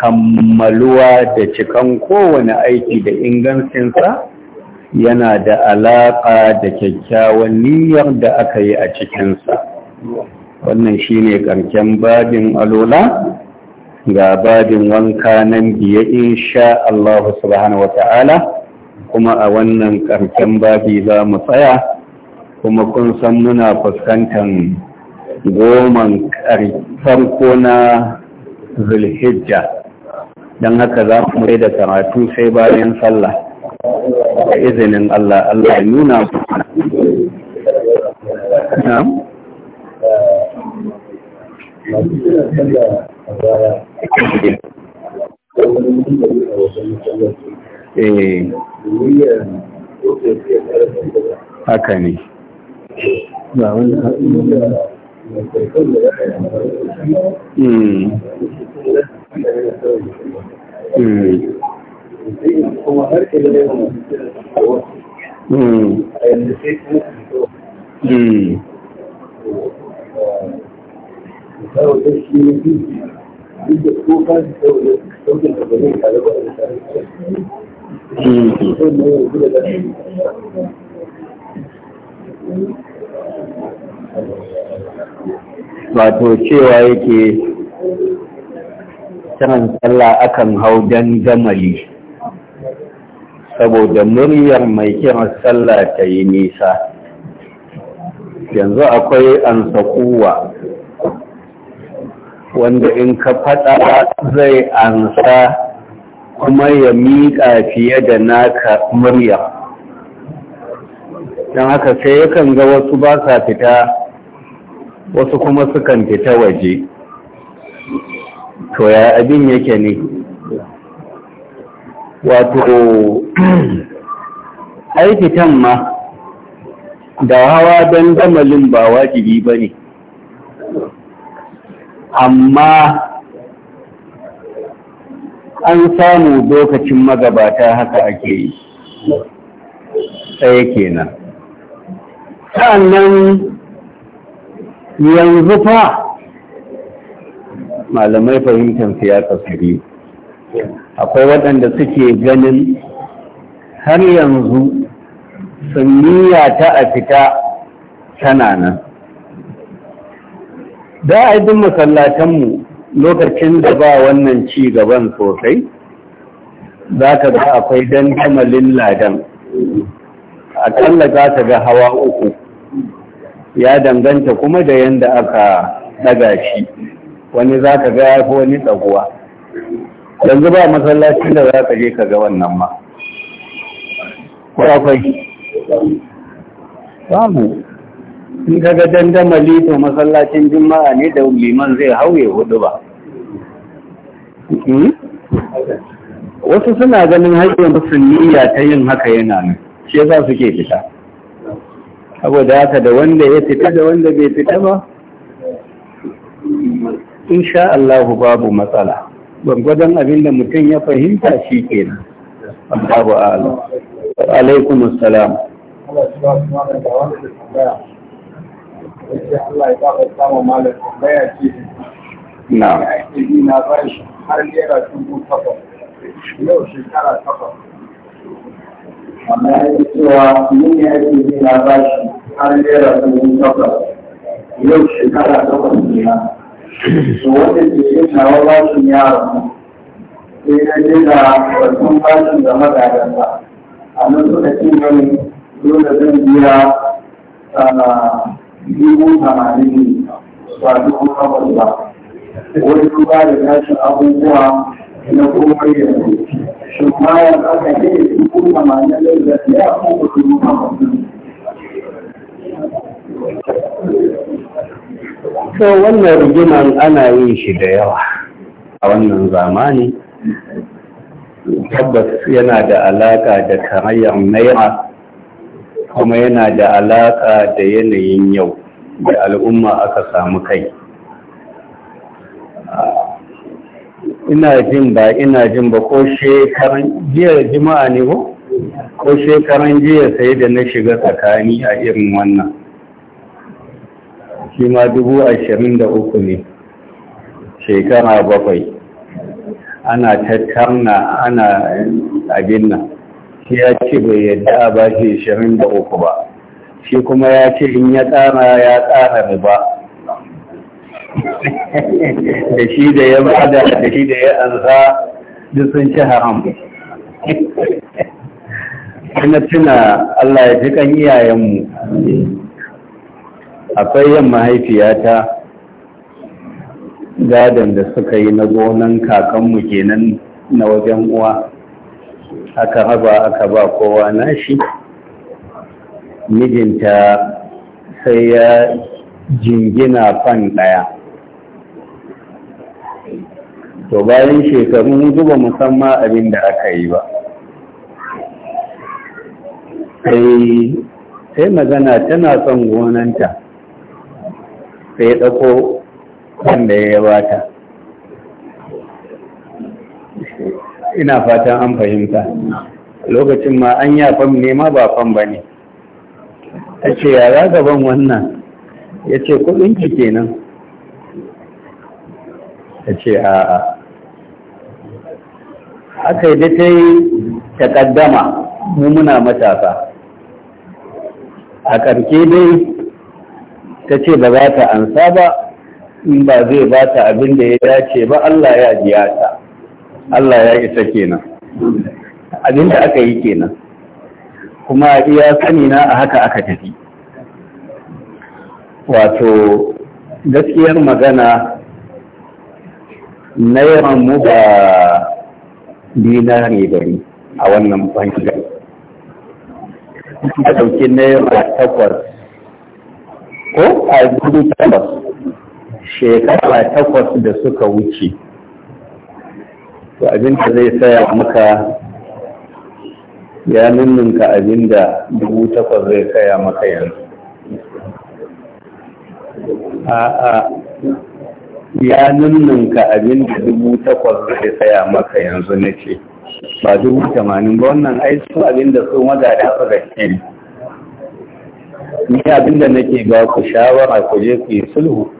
kammaluwa da cikan kowane aiki da ingancinsa yana da alaƙa da kyakkyawan niyyar da aka yi a cikinsa wannan shi ne ƙarken babin alola ga babin wanka nan biye insha Allah subhanahu wata'ala kuma a wannan ƙarken babi za mu tsaya kuma kun san muna fuskantar goman farko na zulhijja don haka za mu da karatu sai bayan sallah da izinin Allah Allah nuna masu suna a baya haka ne ba wani haɗin wato cewa yake kiran sallah akan hau dan gamali saboda muryar mai kira sallah ta yi nisa yanzu akwai ansakuwa wanda in ka faɗa zai ansa kuma ya miƙa fiye da naka murya don haka sai yakan ga wasu ba sa fita wasu kuma sukan fita waje to ya abin yake ne wato aikitan ma da hawa don damalin ba wajibi ba ne amma an samu lokacin magabata haka ake yi tsaye kenan sa'annan yanzu fa malamai fahimtar ya kasari akwai waɗanda suke ganin har yanzu sun ta a fita tana nan da a yi masallatanmu lokacin da ba wannan ci gaban sosai za ka ga akwai dandamalin ladan A akalla za ta ga hawa uku ya danganta kuma da yadda aka daga shi wani za ka ga ya fi wani tsaguwa yanzu ba masallacin da za ka je ka ga wannan ma kwakwai akwai mu. in kaga dandamali to masallacin juma'a ne da liman zai hauye hudu ba hmm? wasu suna ganin haƙƙin musulmiya ta yin haka yana nan shi yasa suke fita saboda haka da wanda ya fita da wanda bai fita ba insha allahu babu matsala gwangwadon abin da mutum ya fahimta shi ke kenan babu alaikum assalam yake Allah ya kafa samu malam tambaya ce na ake yi na bashi har naira dubu takwas yau shekara takwas amma ya yi cewa yin ne ake yi na bashi har naira dubu takwas yau shekara takwas ne na to wanda ke yin nawa bashin yaro sai na je da batun bashin da magadansa a nan suka ce mani dole zan biya ah, dubu tamanin ne ba dubu takwas ba wani duba da tashin abubuwa na komai da su shi ma ya zaka ne dubu tamanin da ya kuma dubu tamanin to wannan rigiman ana yin shi da yawa a wannan zamani tabbas yana da alaka da karayyar naira kuma yana da alaƙa da yanayin yau da al'umma aka samu kai ina jin ba ina jin ba ko shekaran jiya jima'a ne ko ko shekaran jiya sai da na shiga tsakani a irin wannan shi ma dubu ashirin da uku ne shekara bakwai ana tattarna ana abin nan ya ce bai yadda a ba shi shirin da uku ba shi kuma ya ce in ya tsara ya tsara riba da shi da ya bada da shi da ya ansa duk sun ci haram ina tuna Allah ya ji kan iyayenmu akwai yan mahaifiyata gadon da suka yi na gonan kakanmu kenan na wajen uwa aka haba aka ba kowa nashi mijinta sai ya jingina fan ɗaya to bayan shekaru zuba musamman abin da aka yi ba sai magana tana son gonanta sai ɗako wanda ya bata ina fatan an fahimta lokacin ma an ya fam ne ma ba fam ba ne ta ce ya gaban wannan ya ce kudinki kenan ta ce a'a aka yi da ta yi takaddama mu muna matasa a karke dai ta ce ba za ta ansa ba in ba zai ba ta abin da ya dace ba Allah ya biya ta Allah ya isa kenan abinda aka yi kenan kuma iya sani na a haka aka tafi wato gaskiyar magana na mu ba dinari gari a wannan bangare a ɗauki naira takwas ko a gudu takwas shekara takwas da suka wuce to abinda zai saya maka ya ninninka da dubu takwas zai saya maka yanzu a'a ya ninninka da dubu takwas zai saya maka yanzu na ce ba dubu tamanin ba wannan ai su abinda su magada su gaske ne ni da nake ba ku shawara ku je ku yi sulhu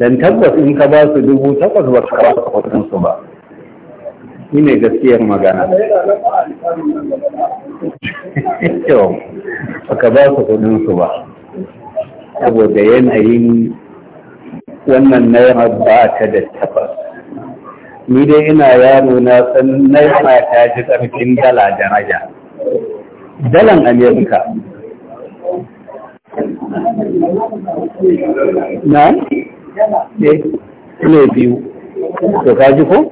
dan tabbas in ka ba su dubu takwas ba ka ba su ba shi ne gaskiyar magana kyau baka ba su kudinsu ba saboda yanayin wannan naira ba ta da tabbas ni dai ina yaro na san naira ta ji tsarkin dala daraja dalan amerika na? ne eh, biyu to ka ji ko?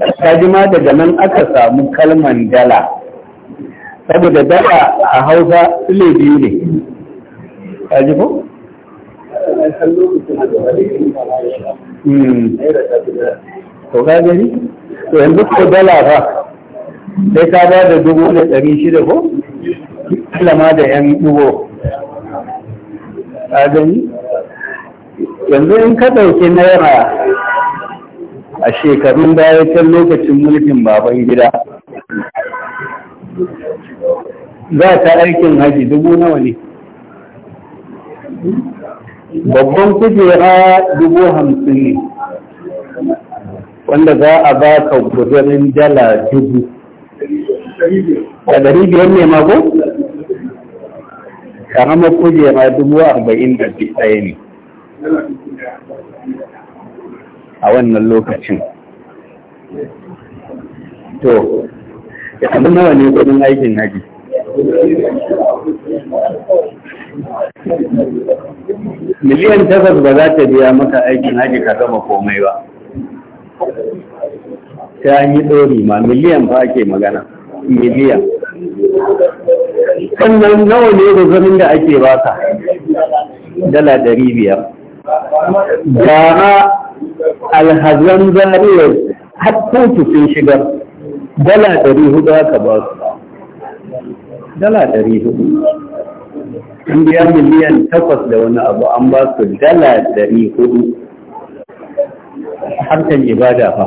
ta ma daga nan aka samu kalman dala saboda dala a hausa sule biyu ne ta ko? Hmm. ka gani? to yanzu ko dala ba sai ka ba da dubu da ɗari shida ko? kalama da yan dubu ka gani? yanzu in ka ɗauki naira a shekarun baya can lokacin mulkin baban gida za ta aikin haji dubu nawa ne babban kujera dubu hamsin ne wanda za a ba ka gudurin dala dubu a ɗari biyar ne mako? ƙaramar kujera dubu arba'in da ɗaya ne a wannan lokacin to abu nawa ne kudin aikin haji miliyan takwas ba za ta biya maka aikin haji ka gama komai ba ta yi ɗori ma miliyan ba ake magana miliyan sannan nawa ne guzurin da ake baka dala ɗari biyar ba alhazan zariyar har kotu sun shiga dala ɗari hudu aka ba su dala ɗari hudu an biya miliyan takwas da wani abu an ba su dala ɗari hudu harkar ibada fa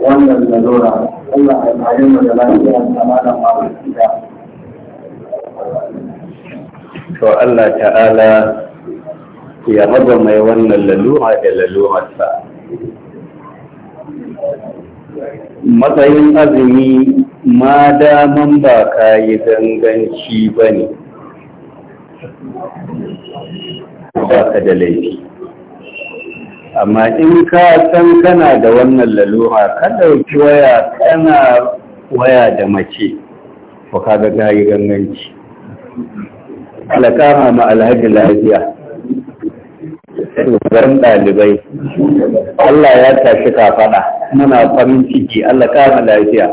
wannan lalura Allah ya kare mu da to Allah ta'ala ya raba mai wannan lalura da lalurarsa matsayin azumi ma daman ba ka yi zanganci ba ne ba ka da laifi amma in ka san kana da wannan lalura ka ɗauki waya kana waya da mace ko ka ga gari ganganci alƙama ma alhaji lafiya shugaban ɗalibai Allah ya tashi kafaɗa muna farin ciki Allah kama lafiya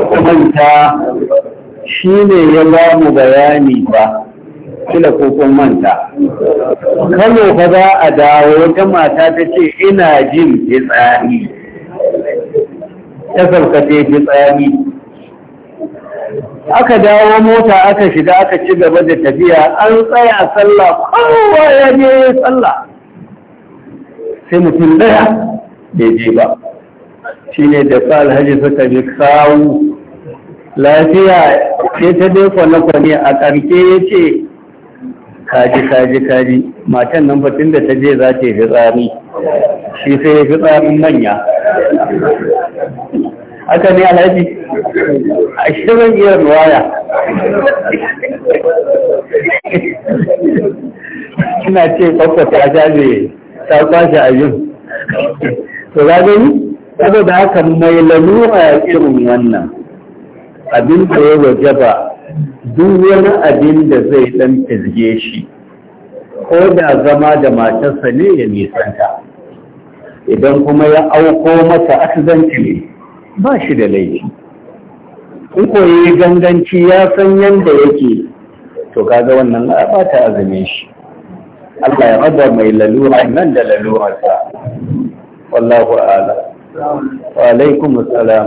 manta shi ne ya ba mu bayani ba kila ko manta kano fa za a dawo wata mata ta ce ina jin fitsari ta sarkace fitsari aka dawo mota aka shiga aka ci gaba da tafiya an tsaya sallah kowa ya je sallah sai mutum daya bai je ba Shi ne da sa alhaji suka bi kawo lafiya sai ta dai kwanakwani a ƙarke ya ce kaji kaji kaji matan nan batun da ta je za ta yi fitsari shi sai ya fitsarin manya aka ne alhaji a shirin iya ruwaya ina ce kwakwa ta jaje ta kwashe abin to yi gani saboda haka mai lalura irin wannan abin da ya waje ba duk wani abin da zai dan fizge shi ko da zama da matarsa ne ya nisanta idan kuma ya auko masa accidenti ne ba shi da laifi in koyi ganganci ya san yadda yake to kaga wannan ba ta azumin shi Allah ya raba mai lalura nan da lalurarsa wallahu a'lam wa alaikumus salam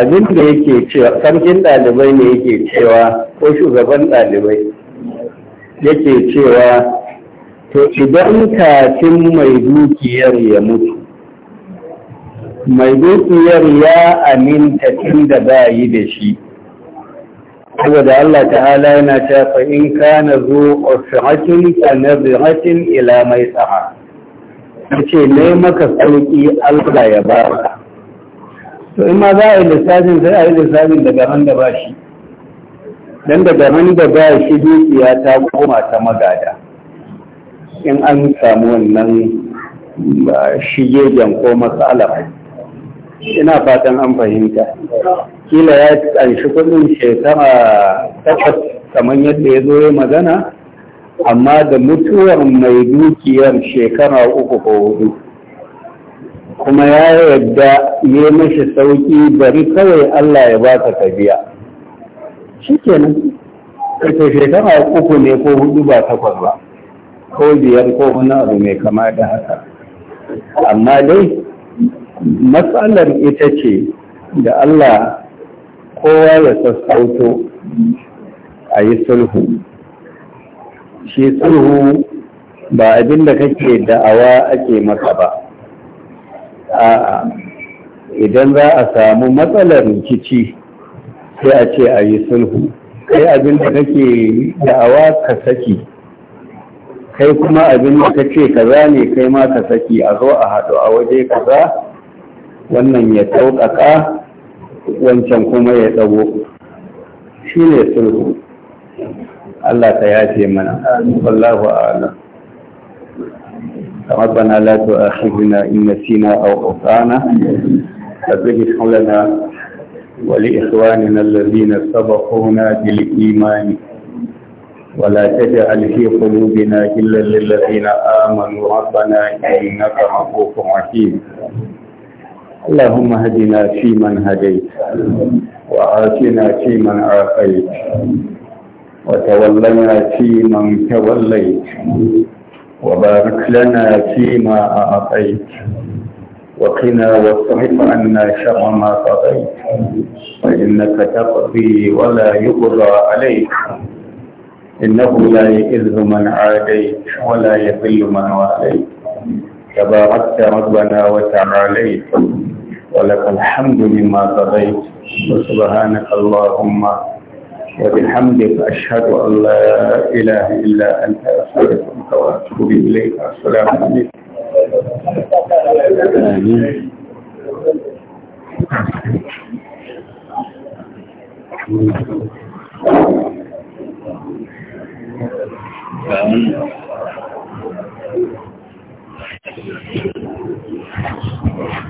abin da yake cewa sarkin ɗalibai ne yake cewa ko shugaban ɗalibai yake cewa to idan kafin mai dukiyar ya mutu mai dukiyar ya aminta tun da ba yi da shi da Allah ta'ala yana ta fa in kana zu usratin fa nazratin ila mai saha yace ne maka sauki Allah ya ba to in ma za a yi lissafin sai a yi lissafin daga ran da ba shi dan daga ran da ba shi dukiya ta koma ta magada in an samu wannan shigegen ko matsalar ina fatan an fahimta kila ya ƙanshi kudin shekara takwas kamar yadda ya zo ya magana amma da mutuwar mai dukiyar shekara uku ko hudu kuma ya yadda ya mashi sauki bari kawai Allah ya ba ka kabiya shi kenan kace shekara uku ne ko hudu ba takwas ba ko biyar ko wani abu mai kama da haka amma dai matsalar ita ce da Allah kowa ya sassauto a yi sulhu shi sulhu ba abin da kake da'awa ake maka ba a idan za a samu matsalar rikici sai a ce a yi sulhu kai abin da kake da'awa ka saki kai kuma abin da kake kaza ne kai ma ka saki a zo a haɗu a waje kaza wannan ya sauƙaƙa wancan kuma ya ɗago shi ne sulhu Allah ta yafe mana wallahu a'ala kama bana la a hajjina in na sina a ƙasana a zai hulana wali ikhwani na lalina saba kuna bil imani ولا تجعل في قلوبنا إلا للذين آمنوا ربنا إنك رؤوف رحيم اللهم اهدنا فيمن هديت وعافنا فيمن عافيت وتولنا فيمن توليت وبارك لنا فيما أعطيت وقنا واصرف عنا شر ما قضيت فإنك تقضي ولا يقضى عليك إنه لا يئذ من عاديت ولا يذل من واليت تباركت ربنا وتعاليت ولك الحمد لما قضيت وسبحانك اللهم وبحمدك أشهد أن لا إله إلا أنت أستغفرك وأتوب إليك السلام عليكم آمين Thank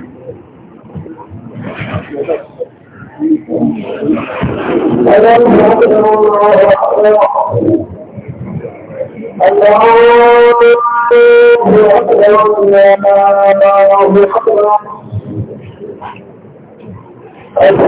you. الله أكبر الله أكبر